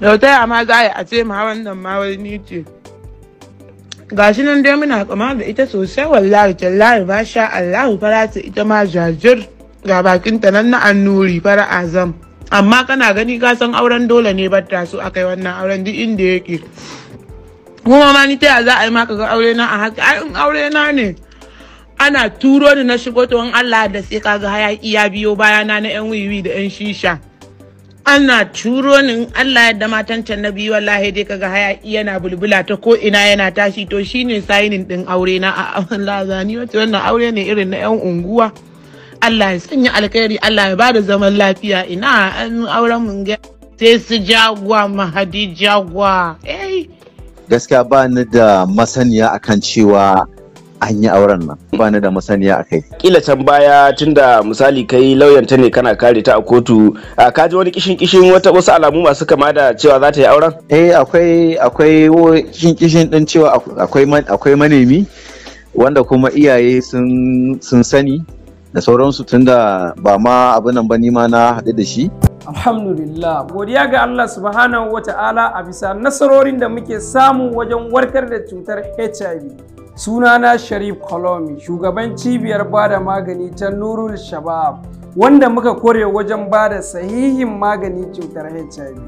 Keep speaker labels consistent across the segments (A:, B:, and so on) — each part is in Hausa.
A: da ta ma za a ce ma wannan ma wani ce gashi nan dai muna kama da ita sosai wallahi tallahi ba sha Allah farata ita ma jajir ga bakin ta nan na annuri fara azam amma kana gani ka san auren dole ne ta so akai wannan auren duk inda yake kuma ma ni ta za a yi maka ga aure na a haka ai in aure na ne ana turo ni na shigo to in Allah da sai kaga hayaki ya biyo bayana na yan wiwi da yan shisha ana turo ni in Allah yadda matan can na biyu wallahi dai kaga haya yana bulbula ta ko ina yana tashi to shine sainin din aure na a Allah zani wato wannan aure ne irin na yan unguwa Allah ya sanya alkhairi Allah ya bada zaman lafiya ina an auren mun ga sai su jagwa mahadi jagwa eh
B: gaskiya ba ni da masaniya akan cewa an yi auren nan ba ni da masaniya a kai
A: kila can baya tunda misali kai lauyanta ne kana kare ta a kotu ka ji wani kishin kishin wata wasu alamu masu kama da cewa za ta yi auren
B: eh akwai akwai kishin kishin din cewa akwai akwai manemi wanda kuma iyaye sun sun sani da sauransu tunda ba ma abin nan ba ni ma na haɗu da shi
C: Alhamdulillah, godiya ga Allah subhanahu wa ta'ala a bisa nasarorin da muke samu wajen warkar da cutar HIV. sunana sharif kolomi shugaban cibiyar bada magani ta nurul shabab wanda muka kore wajen bada sahihin magani cutar hiv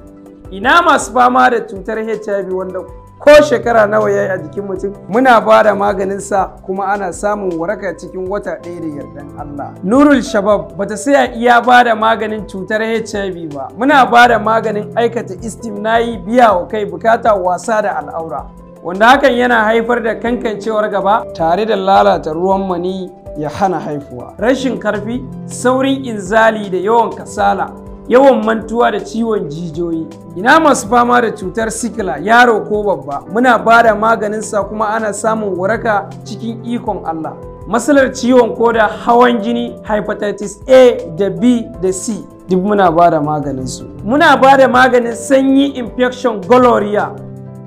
C: ina masu fama da cutar hiv wanda ko shekara nawa ya yi a jikin mutum muna ba da maganinsa kuma ana samun waraka cikin wata ɗaya da yardan Allah. Nurul Shabab bata saya iya bada maganin cutar HIV ba. Muna ba da maganin aikata istimnayi biya wa kai bukata wasa da al'aura. wanda hakan yana haifar da kankancewar gaba tare da lalata ruwan mani ya hana haifuwa rashin karfi saurin inzali da yawan kasala yawan mantuwa da ciwon jijiyoyi ina masu fama da cutar sikila yaro ko babba muna ba da sa kuma ana samun waraka cikin ikon allah matsalar ciwon koda hawan jini hepatitis a da b da c duk muna ba da maganinsu muna ba da maganin sanyi infection gonorrhea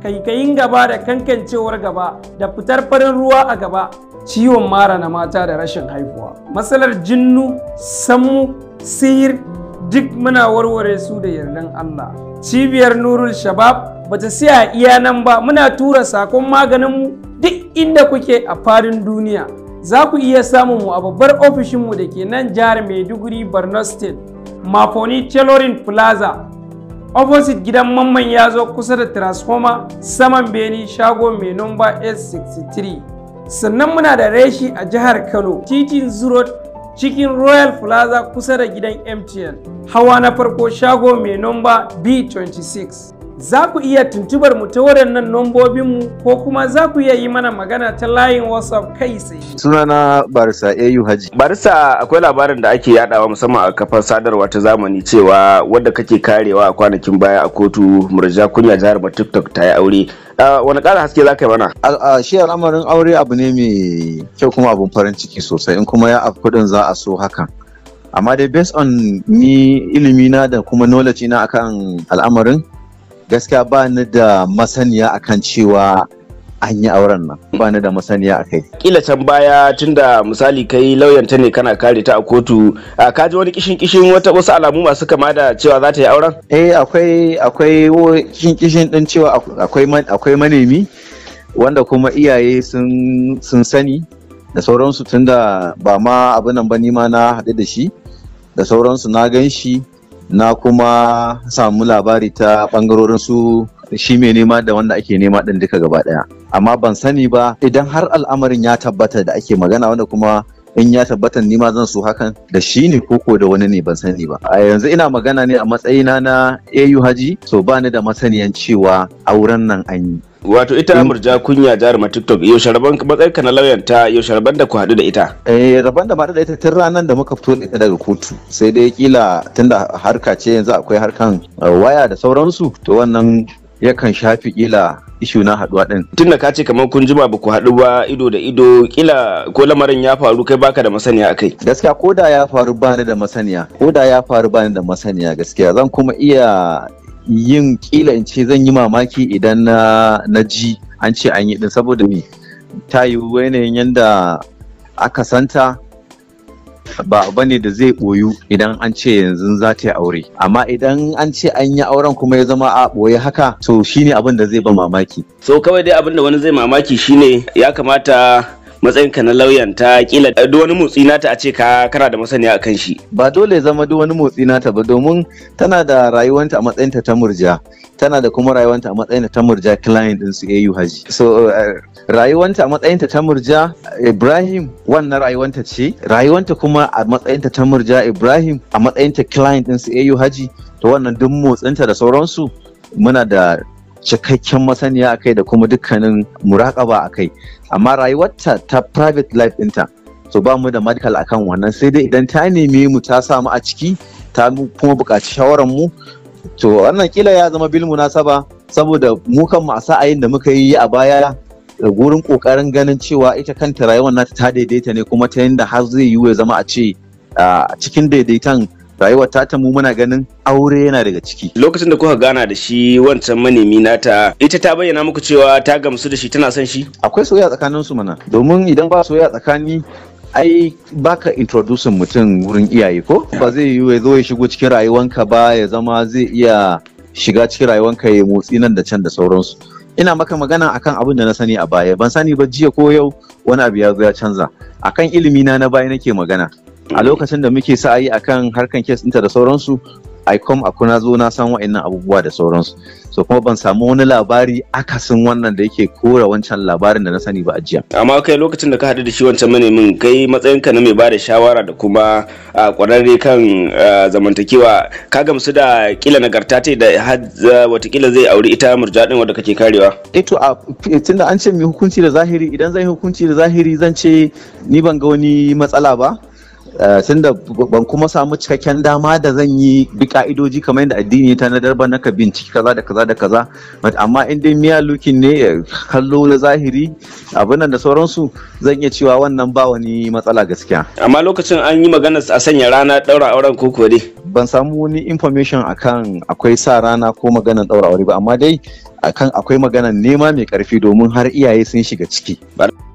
C: kaikayin gaba da kankancewar gaba da fitar farin ruwa a gaba ciwon mara na mata da rashin haihuwa matsalar jinnu sammu sihir duk muna warware su da yardan Allah cibiyar nurul shabab bata siya iya nan ba muna tura sakon maganin mu duk inda kuke a farin duniya za ku iya samun mu a babbar ofishinmu da ke nan jihar maiduguri borno state mafoni telorin plaza opposite gidan mamman ya zo kusa da transformer saman beni shago mai nomba s63 sannan muna da reshi a jihar kano titin zurot cikin royal plaza kusa da gidan mtn hawa na farko shago mai nomba b26 za ku iya tuntubar mu ta waɗannan mu ko kuma za ku iya yi mana magana ta layin whatsapp kai Suna
A: sunana barisa au haji barisa akwai labarin da ake yadawa musamman a kafar sadarwa ta zamani cewa wadda kake karewa a kwanakin baya a kotu murja kunya jihar tiktok ta yi aure wani ƙara haske za ka yi mana?
B: shi al'amarin aure abu ne mai kyau kuma abun farin ciki sosai in kuma ya abu kuɗin za a so hakan amma dai based on ni ilimi na da kuma knowledge na akan al'amarin gaskiya ba ni da masaniya akan cewa an yi auren nan ba ni da masaniya a kai
A: kila can baya tunda misali kai lauyanta ne kana kare ta a kotu a kaji wani kishin kishin wata wasu alamu masu kama da cewa za ta yi auren
B: eh akwai akwai kishin kishin din cewa akwai akwai manemi wanda kuma iyaye sun sun sani da sauransu tunda ba ma abin nan ba ni ma na haɗu da shi da sauransu na gan shi na kuma samu labari ta bangarorin su shi mai nema da wanda ake nema din duka gaba daya amma ban sani ba idan har al'amarin ya tabbata da ake magana wanda kuma in ya tabbata ni zan so hakan da shi ne koko da wani ne ban sani ba a yanzu ina magana ne a matsayina na AU Haji so ba ni da masaniyan cewa auren nan an yi
A: wato ita murja kunya ma tiktok yau sharban matsayinka na lauyan ta yau sharban da ku haɗu da ita
B: eh raban da da ita tun ranar da muka fito ita daga kotu sai dai kila tunda harka ce yanzu akwai harkan eh, waya da sauransu to wannan yakan shafi kila ishu na haduwa din
A: tunda ka ce kamar kun jima ba ku haɗu ba ido da ido kila ko lamarin ya faru kai baka da masaniya akai gaskiya ko
B: da ya faru bani da masaniya ko da ya faru bani da masaniya gaskiya zan kuma iya yin kila in ce zan yi mamaki idan na ji an ce an yi din saboda me ta yi yanayin yadda aka santa ba ba ne da zai ɓoyu idan an ce yanzu za ta yi aure amma idan an ce an yi auren kuma ya zama a ɓoye haka to shine abin da zai ba mamaki
A: so kawai dai abin da wani zai mamaki shine ya kamata matsayinka na lauyan ta kila duk wani motsi nata a ce ka kana da masaniya akan shi
B: ba dole ya zama duk wani motsi nata ba domin tana da rayuwanta a matsayinta ta murja tana da kuma rayuwanta a matsayinta ta murja client din su AU Haji so eh, rayuwanta a matsayinta ta murja Ibrahim wannan rayuwanta ce rayuwanta kuma a matsayinta ta murja Ibrahim a matsayinta client din su AU Haji to wannan duk motsinta da sauransu muna da cikakken masaniya a kai da kuma dukkanin muraƙaba a kai amma rayuwarta ta private life ɗinta so ba mu da medical akan wannan sai dai idan ta nemi mu ta samu a ciki ta kuma buƙaci shawaran mu to wannan kila ya zama bil munasaba saboda mu kan mu a sa'ayin da muka yi a baya Da gurin kokarin ganin cewa ita kanta rayuwar nata ta daidaita ne kuma ta yinda har zai yi ya zama a ce cikin daidaitan rayuwar ta mu muna ganin aure yana daga ciki
A: lokacin da kuka gana da shi wancan manemi nata ita ta bayyana muku cewa ta gamsu da shi tana son shi akwai soyayya tsakanin su mana domin idan ba soyayya tsakani ai baka introdusin
B: mutum wurin iyaye ko ba zai yi ya zo ya shigo cikin rayuwanka ba ya zama zai iya shiga cikin rayuwanka ya motsi nan da can da sauransu ina maka magana akan abin da na sani a baya ban sani ba jiya ko yau wani abu ya zo ya canza akan ilimi na na baya nake magana a lokacin da muke sa sa'ayi akan harkan kes ɗinta da sauransu icom a kuna zo na san wa'annan abubuwa da sauransu so kuma ban samu wani labari akasin wannan da yake kora wancan labarin da na sani ba a jiya
A: amma kai lokacin da ka haɗu da shi wancan manemin kai matsayinka na mai bada shawara da kuma kwararre kan zamantakewa ka gamsu da kila nagarta ta da watakila zai auri ita murjaɗin wadda kake karewa eh to
B: tunda an ce mai hukunci da zahiri idan zai hukunci da zahiri zan ce ni ban ga wani matsala ba Eh, tunda ban kuma samu cikakken dama da zan yi bi ka'idoji kamar yadda addini ta Darba na ka binciki kaza da kaza da kaza amma in dai miya lukin ne eh, kallo na zahiri
A: abin da sauransu zan iya cewa wannan ba wani matsala gaskiya amma lokacin an yi magana a sanya rana daura auren ko kuwa
B: ban samu wani information akan akwai sa rana ko maganar daura aure ba amma dai akan akwai maganar nema mai karfi domin har iyaye sun shiga
A: ciki